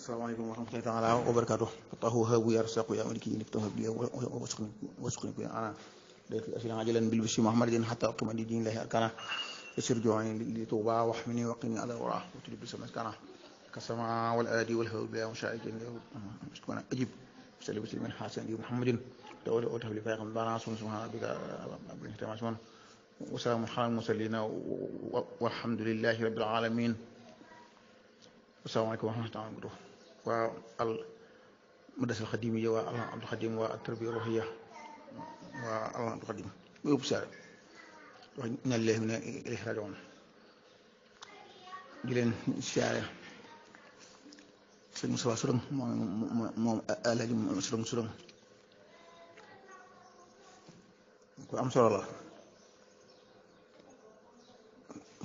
السلام عليكم ورحمة الله تعالى وبركاته طهوها ويرزق يا ملكي نكتوها بي واسكنك أنا عجلا محمد حتى دين الله أركانا يسر وقني على وراه كسماء والآدي أجيب بسلي من حسن دي محمد أوتها بانا وسلام على المرسلين والحمد لله رب العالمين عليكم ورحمة الله وبركاته المدرسة الخديمية وعلى عبد الخديم والتربية الروحية وعلى عبد الخديم ويبسال وإن الله من إليه راجعون جلين شعر سيد مصطفى سرم أهل هجم سرم سرم أم سر الله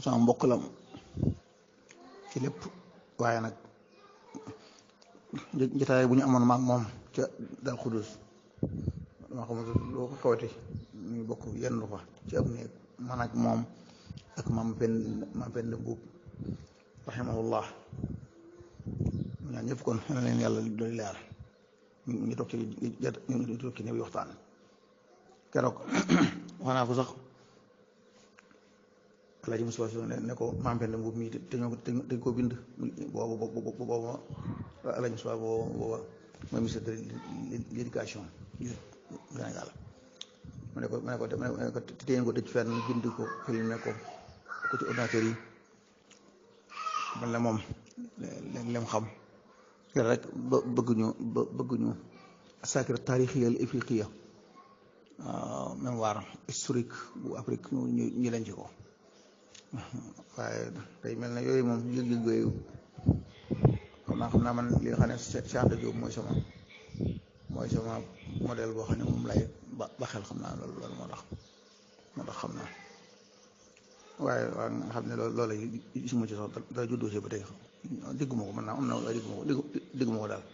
سام بقلم كلب وعينك jotaay bu ñu amoon maak moom ca Daaru Xudoos dama xam loo ko xewati ñu bokk yenn fa ci am néeg man ak moom ak maam benn maam benn buub rahimahullah ñaan ñëpp kon xana leen yàlla doolu leer ñu toog ci ñu toog ci néew keroog wax naa ko sax alaaji Mustafa ne ko maam benn buub mii te ñoo te ko bind boobu boobu à la soit boo booba mooy ministre de l' éducation du mu ne ko mu ne ko mu ne ko téye fenn bind ko filmé ko ko ci ordinateur yi man la moom lem xam yàlla rek ba bëgguñu ba bëgguñu asakir taarixiya al afriqiya mémoire historique bu Afrique ñu ñu leen ci ko waaye tey mel na yooyu moom yëg-yëg man xam naa man li nga xam ne Cheikh Anta Diop mooy sama mooy boo xam ne moom lay ba ba xel xam naa loolu moo tax moo tax xam naa waaye waaye nga xam ne loolu loola gisuma ci sax dara juddoo si ba tey digguma ko mën naa am na waaye digguma ko digguma ko daal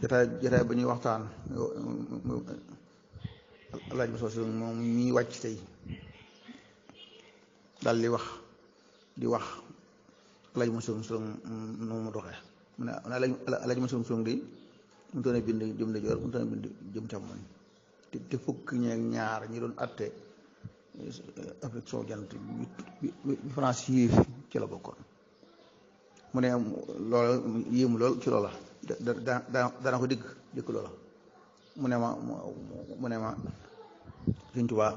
jataay jataay ba ñuy waxtaan alaaj ba soosi moom ñuy wàcc tey daal di wax di wax alaj musulum sulum nomor mu doxe mu ne alaj di mu doon bind jëm na jor mu doon bind jëm nyar, te te fukk ñeek ñaar ñi doon atté afrique so jant bi france yi ci la bokkon mu ne loolu yéem lool ci loola dana ko digg dikk loola mu ma ma tuba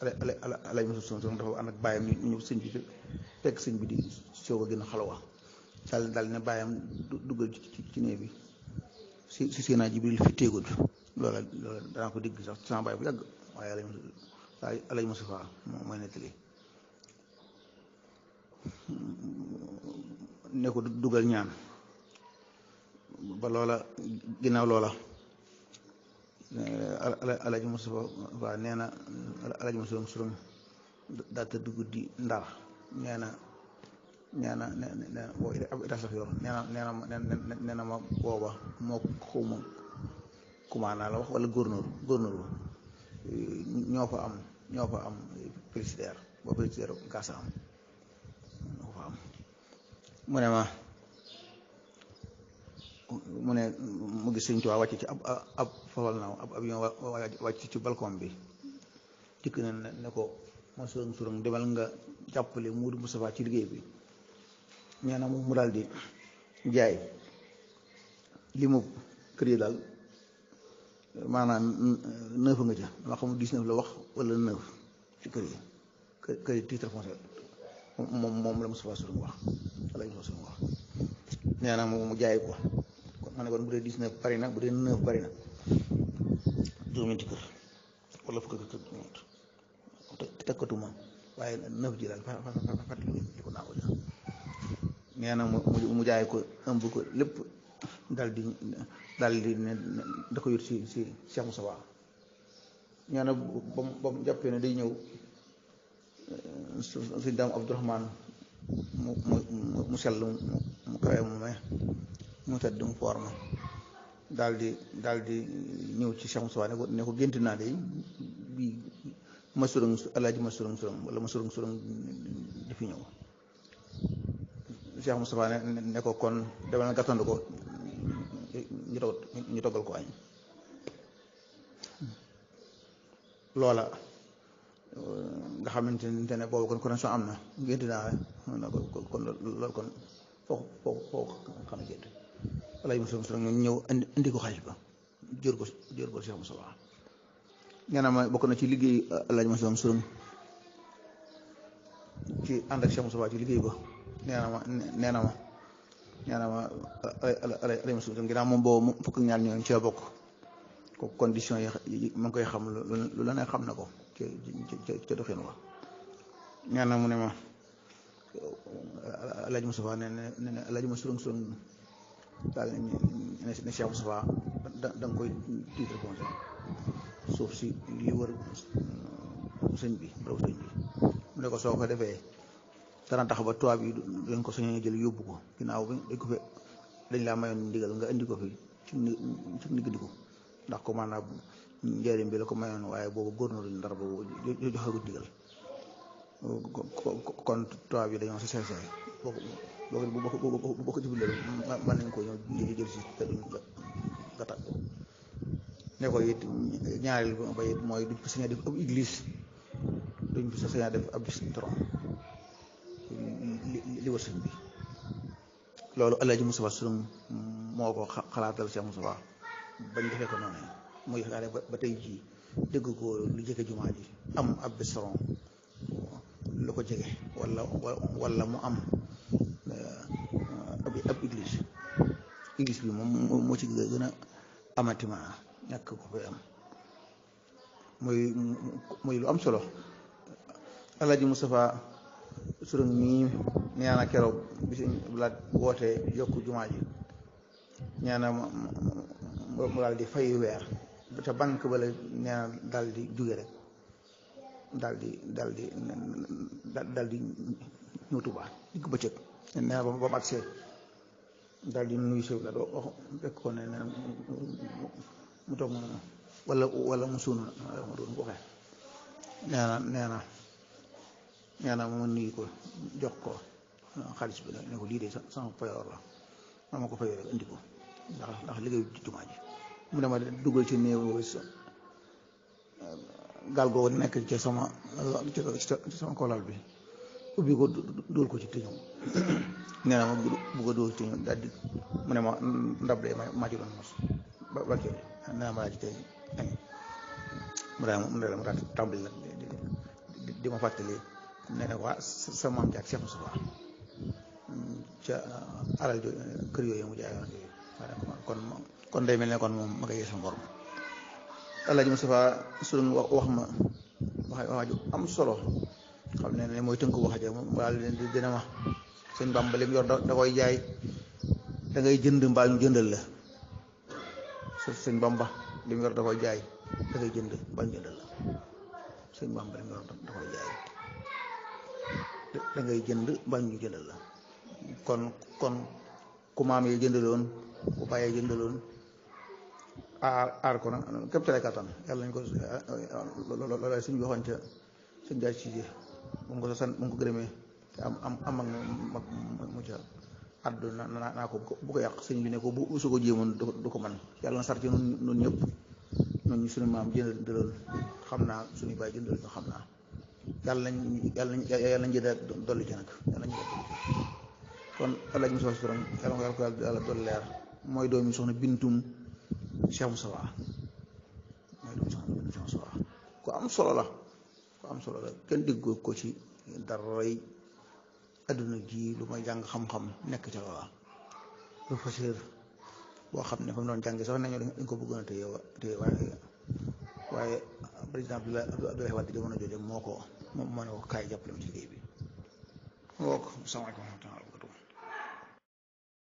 alaj dafa ak ñu bi bi di ciow a gën xalwa dal dal ne bayam duggal ci ci ne bi si si na jibril fi lola lola da na ko dégg sax sama bay bu yàgg waaye alay ay alay Mustafaa mooy nettali ne ko duggal ñaan ba lola ginnaaw loola eh, alaji musafa ba neena na alaji Mustafaa Musulum daa tëdd guddi ndar nee na nee na boobu ab itas la fi yor nee na nee na ma booba moo xaw la wax wala gouverneur gouverneur ñoo fa am ñoo fa am président ba président gaasa am mu ne ma mu ne mu gis Sëñ Tuubaa wàcc ci ab ab fawal naaw ab avion wàcc ci balcon bi dikk na ne ko ma suran suran demal nga jàppale Muudu Mustafaa ci liggéey bi nee na mu daal di jaay li mu kër yi daal maanaam neuf nga ca dama xam dix la wax wala neuf ci kër yi kër yi titre foncier moom moom la Moustapha Sourang wax wala Moustapha Sourang wax nee na mu jaay ko kon ma ne kon bu dee dix-neuf bari na bu dee neuf bari na juróom-ñeenti kër wala fukk ak kër teg ko tuma waaye neuf ji daal fàttali ko naa ko nee na mu mu jaay ko ëmb ko lépp dal di dal di ne da ko yót si si na ba mu ba mu jàppee ne ñëw ci Cheikh Moussa ne ko ne ko gént naa de ma surang alaaji ma surang surang wala ma surang surang di fi ñëw Cheikh Moustapha ne ne ko kon demal na gàttandu ko ko añ loola nga xamante ne boobu kon connexion am na gént naa ne kon loolu kon foofu foofu foofu xam ne gént walla yi Moussa ñëw indi indi ko xaalis ba jor ko jor ko Cheikh Moustapha nee na ma bokk na ci liggéey El Hadj Mansour Moussa ci ànd ak Cheikh Moustapha ci liggéey ba. nee na ma nee na ma nee na ma alayhi salaam ginnaaw moom bokk ko condition yi ma ngi xam na ko ca ca mu ne ma Alaaji ne ne ne Alaaji ma surung da nga koy titre conseil suuf si li wër mm, sëñ bi mu ne ko soo ko defee dana tax ba tubaab yi dañ ko sañoon jël yóbbu ko ginnaaw bi dañ ko fi dañ laa mayoon ndigal nga indi ko fi ci ci ndigg ko ndax ko maanaam njëriñ bi la ko mayoon waaye boobu góornóor ñu dara boobu joxe ko ndigal kon tubaab yi dañoo si seey seey boo ko nañ ko ñëw jël si te duñ nga tàgg ne ko it ñaareel ba it mooy duñ ko def ab église duñ ko saña def ab bistron li wër sëñ bi loolu El Hadj Moustapha Saloum moo ko xalaatal Cheikh Moustapha bañ defee ko noonu mu yaakaare ba tey jii dégg ko lu jege jumaa ji am ab bistoron lu ko jege wala mu am euh, ab église église bi moom moo ci gën a amati ma ñàkk ko fay am muy muy lu am solo El Hadj Moustapha surug mii nee keroog bi sëñ wootee yokku jumaa ji nee na mu daal fay weer te banque ba la nee na daal rek daal di daal di daal di digg bëccëg nee na ba ba mu agsee daal di nuyu sëñ Blaat wax fekk ko ne nee mu toog mu wala wala mu yàlla ma nuyu ko jox ko xaalis bi ne ko lii de sama payoor la ma ma ko fayoo rek indi ko ndax ndax liggéeyu jumaa mu ne ma dugal ci néew eh, gaal googu nekk ci sama ci sama kolal bi ubbi ko dóol ko ci tiñu nee ma bu ko dóol daal di mu ne ma ndab de ma maa ci na ma daal mu daal mu daal di ma fàttali ne nag waa sa maam mm, uh, uh, kër yooyu kon day mel ne kon moom ma koy yeesal borom wax ma wax wax am solo xam ne ne mooy tënk wax ja moom daal dina ma sëñ Bàmba lim yor da koy jaay da jënd mbaa jëndal la suuf sëñ Bàmba yor da jaay jënd mbaa lim yor da koy jaay. da jënd mbaa ñu jëndal la kon kon ku maam yi jëndaloon ku bàyyee jëndaloon aar ah, aar ko na képp tele kattan yàlla nañ ko ah, loolay suñu waxoon ca suñ jaay ci mu ngi ko sa sant mu ko gërëmee te am am ak mag mu ca addu naa ko bu ko yàq sëñ bi ne ko bu su ko jéemoon du ko man yàlla na sar ci nun ñëpp ñun suñu maam jëndaloon xam naa suñu bàyyi jëndal ñu xam naa yàlla nañ yàlla nañ yàlla nañ jëlee dolli ci nag yàlla nañ jëlee kon allah ji Musaa suram yàlla nga yàlla dolli leer mooy doomi soxna bintum Cheikh Moussa mooy doomi soxna bintum ku am solo la ku am solo la kenn déggoo ko ci daray adduna ji lu may jàng xam-xam nekk ca loola professeur boo xam ne fa mu doon jàngi sax nañu dañ ko bëggoon a waaye waaye président Abdoulaye Abdoulaye Wade jamono jooju moo ko moo ne ko kaay jàppale ma ci liggéey bi. woo ko salaamaaleykum wa rahmatulah.